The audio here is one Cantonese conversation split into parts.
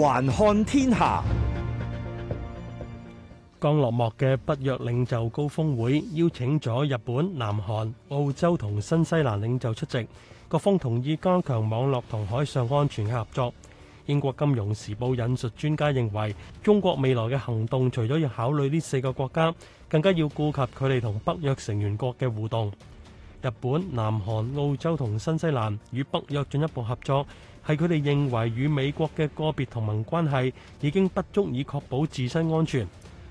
環看天下，剛落幕嘅北約領袖高峰會邀請咗日本、南韓、澳洲同新西蘭領袖出席，各方同意加強網絡同海上安全嘅合作。英國金融時報引述專家認為，中國未來嘅行動除咗要考慮呢四個國家，更加要顧及佢哋同北約成員國嘅互動。日本、南韓、澳洲同新西蘭與北約進一步合作，係佢哋認為與美國嘅個別同盟關係已經不足以確保自身安全。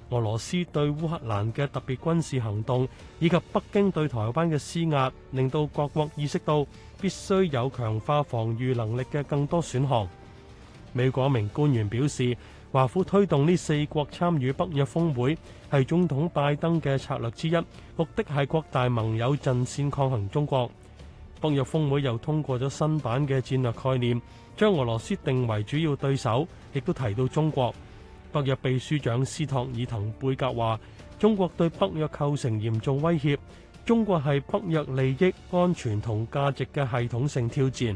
俄羅斯對烏克蘭嘅特別軍事行動，以及北京對台灣嘅施壓，令到各國意識到必須有強化防禦能力嘅更多選項。美國一名官員表示。華府推動呢四國參與北約峯會係總統拜登嘅策略之一，目的係擴大盟友陣線抗衡中國。北約峯會又通過咗新版嘅戰略概念，將俄羅斯定為主要對手，亦都提到中國。北約秘書長斯托爾滕貝格話：中國對北約構成嚴重威脅，中國係北約利益、安全同價值嘅系統性挑戰。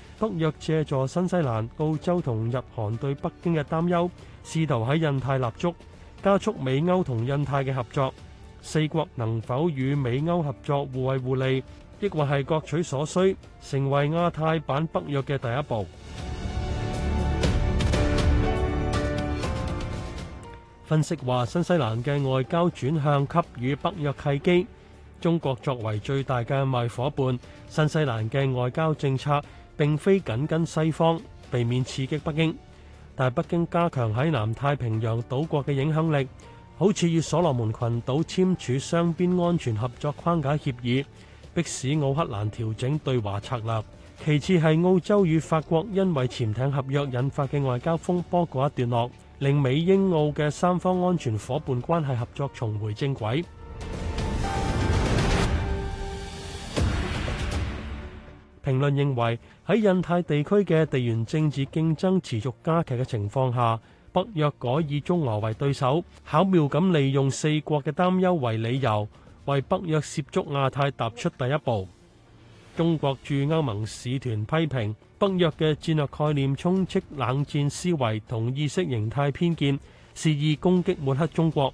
北約借助新西蘭、澳洲同日韓對北京嘅擔憂，試圖喺印太立足，加速美歐同印太嘅合作。四國能否與美歐合作互惠互利，抑或係各取所需，成為亞太版北約嘅第一步？分析話，新西蘭嘅外交轉向給予北約契機。中國作為最大嘅賣夥伴，新西蘭嘅外交政策，並非緊跟西方，避免刺激北京，但係北京加強喺南太平洋島國嘅影響力，好似與所羅門群島簽署雙邊安全合作框架協議，迫使奧克蘭調整對華策略。其次係澳洲與法國因為潛艇合約引發嘅外交風波告一段落，令美英澳嘅三方安全夥伴關係合作重回正軌。評論認為，喺印太地區嘅地緣政治競爭持續加劇嘅情況下，北約改以中俄為對手，巧妙咁利用四國嘅擔憂為理由，為北約涉足亞太踏出第一步。中國駐歐盟使團批評北約嘅戰略概念充斥冷戰思維同意識形態偏見，肆意攻擊抹黑中國。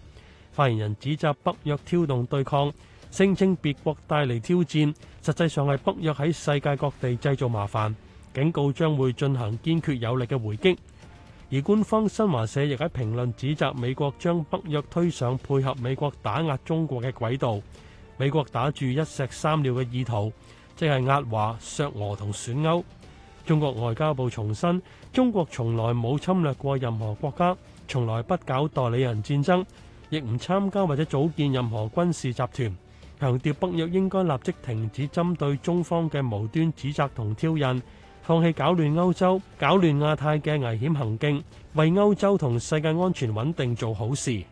發言人指責北約挑動對抗，聲稱別國帶嚟挑戰，實際上係北約喺世界各地製造麻煩，警告將會進行堅決有力嘅回擊。而官方新華社亦喺評論指責美國將北約推上配合美國打壓中國嘅軌道，美國打住一石三鳥嘅意圖，即係壓華、削俄同選歐。中國外交部重申，中國從來冇侵略過任何國家，從來不搞代理人戰爭，亦唔參加或者組建任何軍事集團。強調北約應該立即停止針對中方嘅無端指責同挑釁，放棄搞亂歐洲、搞亂亞太嘅危險行徑，為歐洲同世界安全穩定做好事。